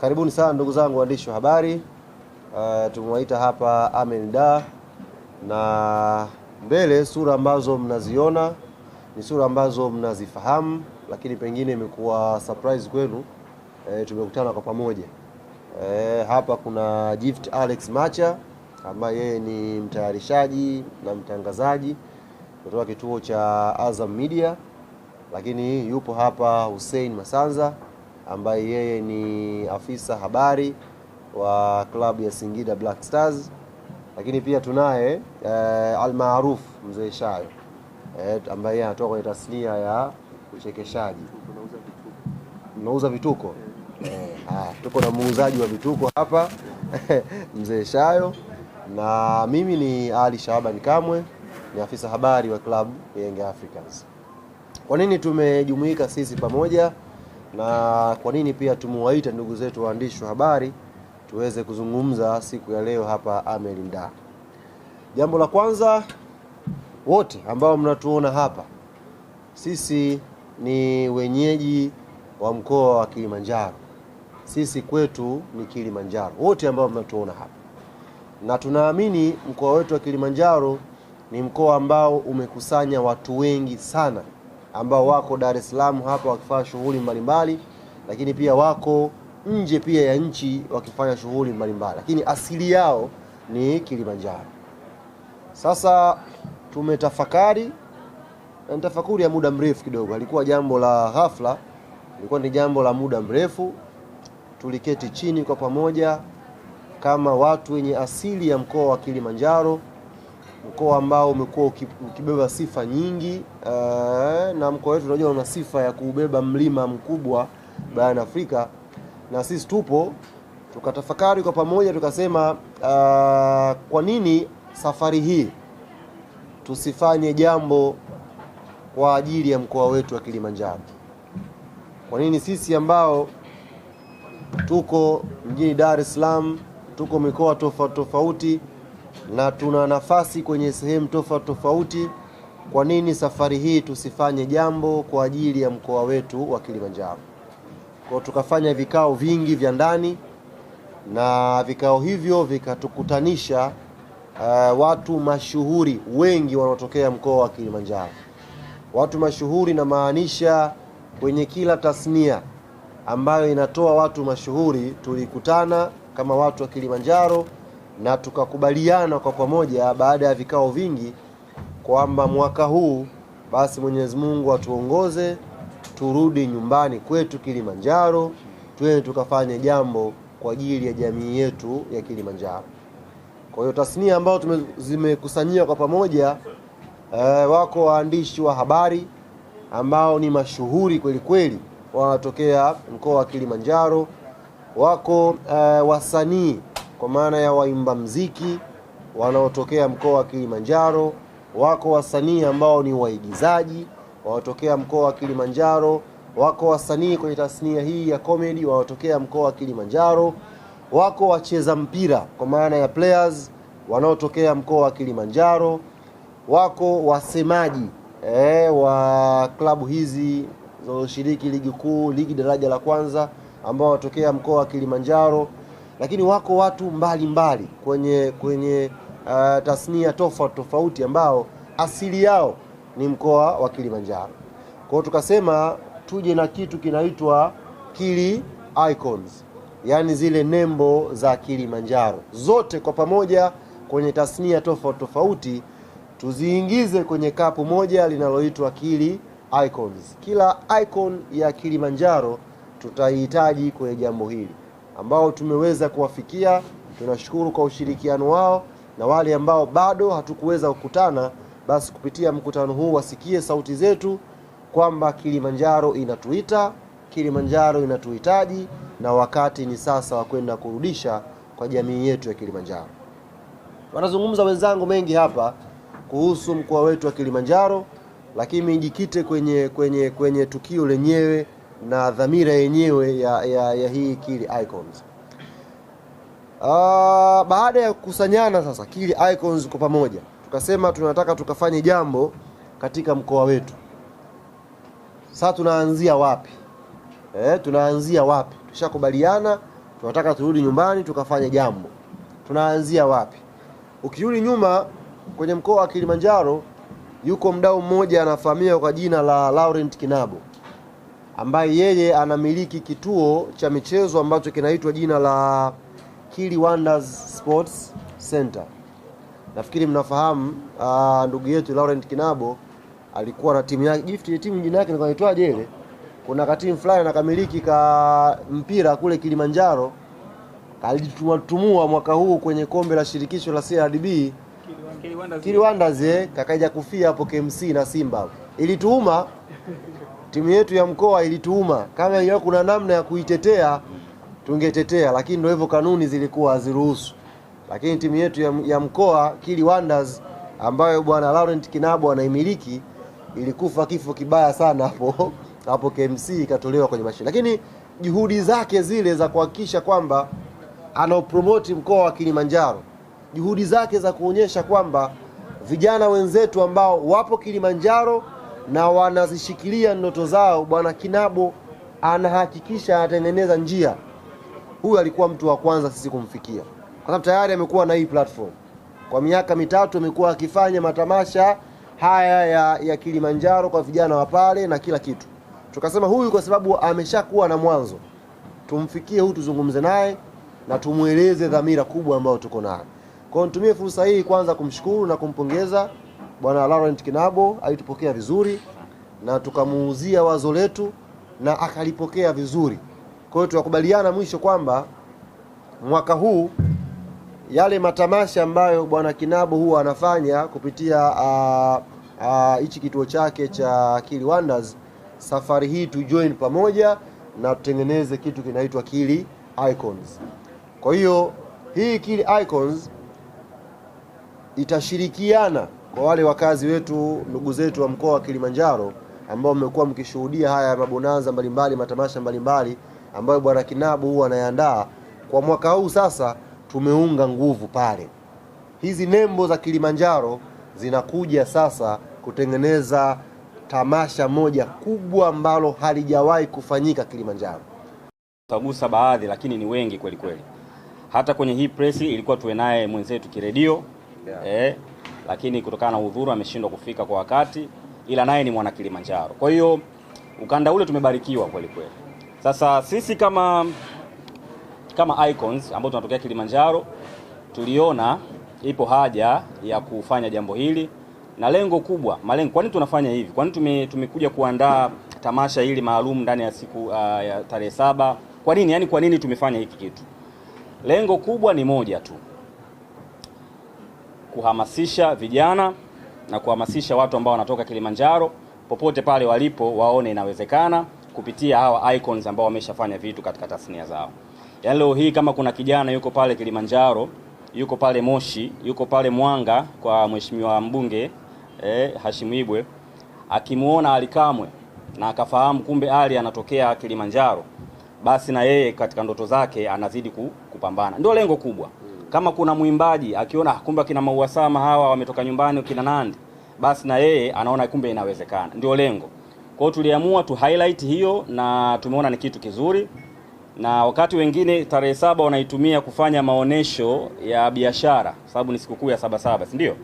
karibuni sana ndugu zangu waandishi wa habari. Uh, tumewaita hapa Amen da na mbele, sura ambazo mnaziona ni sura ambazo mnazifahamu, lakini pengine imekuwa surprise kwenu. E, tumekutana kwa pamoja e, hapa kuna Gift Alex Macha ambaye yeye ni mtayarishaji na mtangazaji kutoka kituo cha Azam Media, lakini yupo hapa Hussein Masanza ambaye yeye ni afisa habari wa klabu ya Singida Black Stars, lakini pia tunaye eh, almaruf mzee Shayo eh, ambaye anatoka kwenye tasnia ya uchekeshaji, mnauza vituko e, Eh, tuko na muuzaji wa vituko hapa mzee Shayo, na mimi ni Ali Shaaban Kamwe, ni afisa habari wa klabu Young Africans. Kwa nini tumejumuika sisi pamoja? na kwa nini pia tumuwaita ndugu zetu waandishi wa habari tuweze kuzungumza siku ya leo hapa Amelinda. Jambo la kwanza, wote ambao mnatuona hapa, sisi ni wenyeji wa mkoa wa Kilimanjaro. Sisi kwetu ni Kilimanjaro, wote ambao mnatuona hapa, na tunaamini mkoa wetu wa Kilimanjaro ni mkoa ambao umekusanya watu wengi sana ambao wako Dar es Salaam hapa wakifanya shughuli mbalimbali, lakini pia wako nje pia ya nchi wakifanya shughuli mbalimbali, lakini asili yao ni Kilimanjaro. Sasa tumetafakari na tafakuri ya muda mrefu kidogo, alikuwa jambo la ghafla, ilikuwa ni jambo la muda mrefu. Tuliketi chini kwa pamoja kama watu wenye asili ya mkoa wa Kilimanjaro mkoa ambao umekuwa ukibeba sifa nyingi uh, na mkoa wetu unajua una sifa ya kubeba mlima mkubwa barani Afrika, na sisi tupo tukatafakari kwa pamoja tukasema, uh, kwa nini safari hii tusifanye jambo kwa ajili ya mkoa wetu wa Kilimanjaro? Kwa nini sisi ambao tuko mjini Dar es Salaam, tuko mikoa tofauti tofauti na tuna nafasi kwenye sehemu tofauti tofauti. Kwa nini safari hii tusifanye jambo kwa ajili ya mkoa wetu wa Kilimanjaro? Kwa tukafanya vikao vingi vya ndani na vikao hivyo vikatukutanisha uh, watu mashuhuri wengi wanaotokea mkoa wa Kilimanjaro. Watu mashuhuri namaanisha kwenye kila tasnia ambayo inatoa watu mashuhuri, tulikutana kama watu wa Kilimanjaro na tukakubaliana kwa pamoja baada ya vikao vingi kwamba mwaka huu basi Mwenyezi Mungu atuongoze turudi nyumbani kwetu Kilimanjaro, twende tukafanye jambo kwa ajili ya jamii yetu ya Kilimanjaro. Kwa hiyo tasnia ambayo zimekusanyia kwa pamoja e, wako waandishi wa habari ambao ni mashuhuri kweli kweli, wanatokea mkoa wa Kilimanjaro, wako e, wasanii kwa maana ya waimba mziki wanaotokea mkoa wa Kilimanjaro, wako wasanii ambao ni waigizaji wanaotokea mkoa wa Kilimanjaro, wako wasanii kwenye tasnia hii ya comedy wanaotokea mkoa wa Kilimanjaro, wako wacheza mpira kwa maana ya players wanaotokea mkoa wa Kilimanjaro, wako wasemaji e, wa klabu hizi zinazoshiriki ligi kuu, ligi daraja la kwanza ambao wanatokea mkoa wa Kilimanjaro lakini wako watu mbalimbali mbali, kwenye kwenye uh, tasnia tofauti tofauti ambao asili yao ni mkoa wa Kilimanjaro. Kwa hiyo tukasema tuje na kitu kinaitwa Kili Icons, yaani zile nembo za Kilimanjaro zote kwa pamoja kwenye tasnia tofauti tofauti tuziingize kwenye kapu moja linaloitwa Kili Icons. Kila icon ya Kilimanjaro tutaihitaji kwenye jambo hili ambao tumeweza kuwafikia, tunashukuru kwa ushirikiano wao, na wale ambao bado hatukuweza kukutana, basi kupitia mkutano huu wasikie sauti zetu kwamba Kilimanjaro inatuita, Kilimanjaro inatuhitaji, na wakati ni sasa wa kwenda kurudisha kwa jamii yetu ya Kilimanjaro. Wanazungumza wenzangu mengi hapa kuhusu mkoa wetu wa Kilimanjaro, lakini jikite kwenye, kwenye, kwenye tukio lenyewe na dhamira yenyewe ya, ya, ya hii Kili Icons. Uh, baada ya kukusanyana sasa Kili Icons kwa pamoja tukasema tunataka tukafanye jambo katika mkoa wetu. Sasa tunaanzia wapi? Eh, tunaanzia wapi? Tushakubaliana tunataka turudi nyumbani tukafanye jambo, tunaanzia wapi? Ukirudi nyuma kwenye mkoa wa Kilimanjaro, yuko mdau mmoja anafahamika kwa jina la Laurent Kinabo ambaye yeye anamiliki kituo cha michezo ambacho kinaitwa jina la Kili Wonders Sports Center. Nafikiri mnafahamu uh, ndugu yetu Laurent Kinabo alikuwa na timu yake gift ya timu jina yake inaitwaje ile? Kuna katimu fulani anakamiliki ka mpira kule Kilimanjaro alitumatumua mwaka huu kwenye kombe la shirikisho la CRDB Kili Wonders, Kili Wonders, eh, kakaja kufia hapo KMC na Simba ilituuma timu yetu ya mkoa ilituuma, kama ilikuwa kuna namna ya kuitetea tungetetea, lakini ndio hivyo, kanuni zilikuwa haziruhusu. Lakini timu yetu ya, ya mkoa Kili Wonders ambayo bwana Laurent Kinabo anaimiliki ilikufa kifo kibaya sana hapo hapo KMC, ikatolewa kwenye mashine, lakini juhudi zake zile za kuhakikisha kwamba anaopromoti mkoa wa Kilimanjaro, juhudi zake za kuonyesha kwamba vijana wenzetu ambao wapo Kilimanjaro na wanazishikilia ndoto zao, bwana Kinabo anahakikisha anatengeneza njia. Huyu alikuwa mtu wa kwanza sisi kumfikia, kwa sababu tayari amekuwa na hii platform kwa miaka mitatu, amekuwa akifanya matamasha haya ya, ya Kilimanjaro kwa vijana wa pale na kila kitu. Tukasema huyu kwa sababu ameshakuwa na mwanzo, tumfikie huyu, tuzungumze naye na tumweleze dhamira kubwa ambayo tuko nayo. Kwa hiyo nitumie fursa hii kwanza kumshukuru na kumpongeza Bwana Laurent Kinabo alitupokea vizuri na tukamuuzia wazo letu na akalipokea vizuri. Kwa hiyo tunakubaliana mwisho kwamba mwaka huu yale matamasha ambayo bwana Kinabo huwa anafanya kupitia hichi uh, uh, kituo chake cha Akili Wonders, safari hii tu join pamoja na tutengeneze kitu kinaitwa Kili Icons. Kwa hiyo hii Kili Icons itashirikiana kwa wale wakazi wetu, ndugu zetu wa mkoa wa Kilimanjaro ambao mmekuwa mkishuhudia haya mabonanza mbalimbali, matamasha mbalimbali ambayo Bwana Kinabu huwa anayaandaa kwa mwaka huu. Sasa tumeunga nguvu pale, hizi nembo za Kilimanjaro zinakuja sasa kutengeneza tamasha moja kubwa ambalo halijawahi kufanyika Kilimanjaro. Tagusa baadhi, lakini ni wengi kweli kweli. Hata kwenye hii presi ilikuwa tuwe naye mwenzetu kiredio yeah. eh, lakini kutokana na udhuru ameshindwa kufika kwa wakati, ila naye ni mwana Kilimanjaro. Kwa hiyo ukanda ule tumebarikiwa kweli kweli. Sasa sisi kama kama Icons ambao tunatokea Kilimanjaro tuliona ipo haja ya kufanya jambo hili na lengo kubwa malengo. Kwa nini tunafanya hivi? Kwa nini tumekuja kuandaa tamasha hili maalum ndani ya siku uh, ya tarehe saba? Kwa nini yani, kwa nini tumefanya hiki kitu? Lengo kubwa ni moja tu, kuhamasisha vijana na kuhamasisha watu ambao wanatoka Kilimanjaro popote pale walipo, waone inawezekana kupitia hawa icons ambao wameshafanya vitu katika tasnia zao. Yaani leo hii kama kuna kijana yuko pale Kilimanjaro, yuko pale Moshi, yuko pale Mwanga kwa mheshimiwa mbunge eh, Hashim Ibwe akimuona Ally Kamwe na akafahamu kumbe ali anatokea Kilimanjaro, basi na yeye katika ndoto zake anazidi kupambana. Ndio lengo kubwa. Kama kuna mwimbaji akiona kumbe kina Mauasama hawa wametoka nyumbani kina Nandi, basi na yeye anaona kumbe inawezekana. Ndio lengo. Kwa hiyo tuliamua tu highlight hiyo na tumeona ni kitu kizuri, na wakati wengine tarehe saba wanaitumia kufanya maonesho ya biashara, sababu ni sikukuu ya saba, si ndio?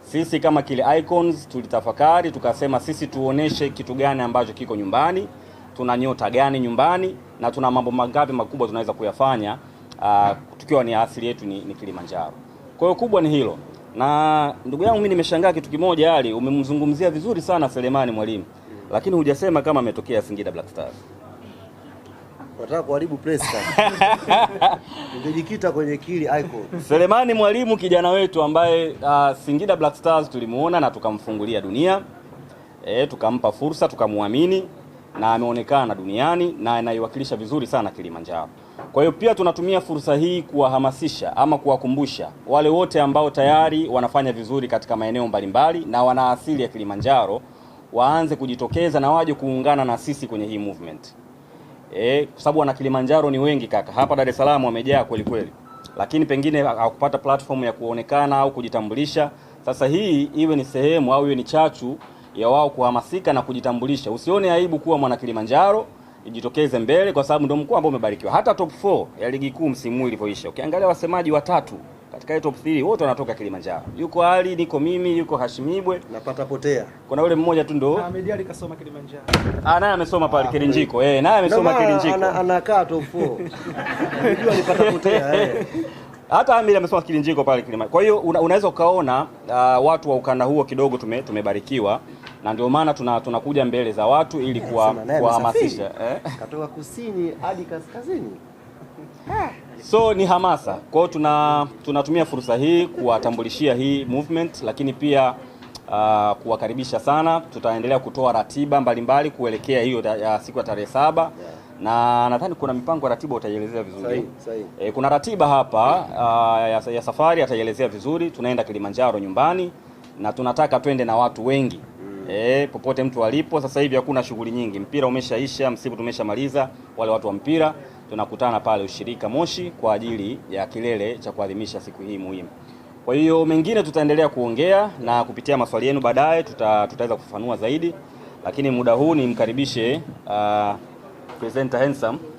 Sisi kama kile Icons tulitafakari tukasema, sisi tuoneshe kitu gani ambacho kiko nyumbani, tuna nyota gani nyumbani, na tuna mambo mangapi makubwa tunaweza kuyafanya uh, tukiwa ni asili yetu ni, ni Kilimanjaro. Kwa hiyo kubwa ni hilo. Na ndugu yangu mimi nimeshangaa kitu kimoja, Ali umemzungumzia vizuri sana Selemani Mwalimu, lakini hujasema kama ametokea Singida Black Stars. Nataka kuharibu press Ningejikita kwenye kili icon. Selemani Mwalimu kijana wetu ambaye uh, Singida Black Stars tulimuona na tukamfungulia dunia. Eh, tukampa fursa tukamwamini na ameonekana duniani na anaiwakilisha vizuri sana Kilimanjaro. Kwa hiyo pia tunatumia fursa hii kuwahamasisha ama kuwakumbusha wale wote ambao tayari wanafanya vizuri katika maeneo mbalimbali na wana asili ya Kilimanjaro waanze kujitokeza na waje kuungana na sisi kwenye hii movement. E, kwa sababu wana Kilimanjaro ni wengi kaka. Hapa Dar es Salaam wamejaa kweli kweli. Lakini pengine hawakupata platform ya kuonekana au kujitambulisha. Sasa hii iwe ni sehemu au iwe ni chachu ya wao kuhamasika na kujitambulisha. Usione aibu kuwa mwana Kilimanjaro, ijitokeze mbele kwa sababu ndio mkoa ambao umebarikiwa. Hata top 4 ya ligi kuu msimu huu ilivyoisha, ukiangalia wasemaji watatu katika top 3 wote wanatoka Kilimanjaro. Yuko Ali, niko mimi, yuko Hashimibwe. Napata potea. Kuna yule mmoja tu ndo. Ahmed Ali kasoma Kilimanjaro. Ah, naye amesoma pale ah, Kilinjiko. Eh, naye amesoma Kilinjiko. Ana Anakaa top 4. Unajua alipata potea eh. Hata Amiri amesoma Kilinjiko pale Kilimanjaro. Kwa hiyo unaweza ukaona uh, watu wa ukanda huo kidogo tume, tumebarikiwa na ndio maana tuna, tunakuja mbele za watu ili kuwahamasisha eh? kutoka kusini hadi kaskazini. So ni hamasa kwao, tuna tunatumia fursa hii kuwatambulishia hii movement, lakini pia uh, kuwakaribisha sana. Tutaendelea kutoa ratiba mbalimbali mbali kuelekea hiyo ya siku ya tarehe saba yeah. Na nadhani kuna mipango ya ratiba utaielezea vizuri sahi, sahi. E, eh, kuna ratiba hapa ah, ya, ya safari ataielezea vizuri. Tunaenda Kilimanjaro nyumbani na tunataka twende na watu wengi Eh, popote mtu alipo. Sasa hivi hakuna shughuli nyingi, mpira umeshaisha, msimu tumeshamaliza. Wale watu wa mpira tunakutana pale ushirika Moshi kwa ajili ya kilele cha kuadhimisha siku hii muhimu. Kwa hiyo mengine tutaendelea kuongea na kupitia maswali yenu baadaye tuta, tutaweza kufafanua zaidi, lakini muda huu nimkaribishe uh, presenter handsome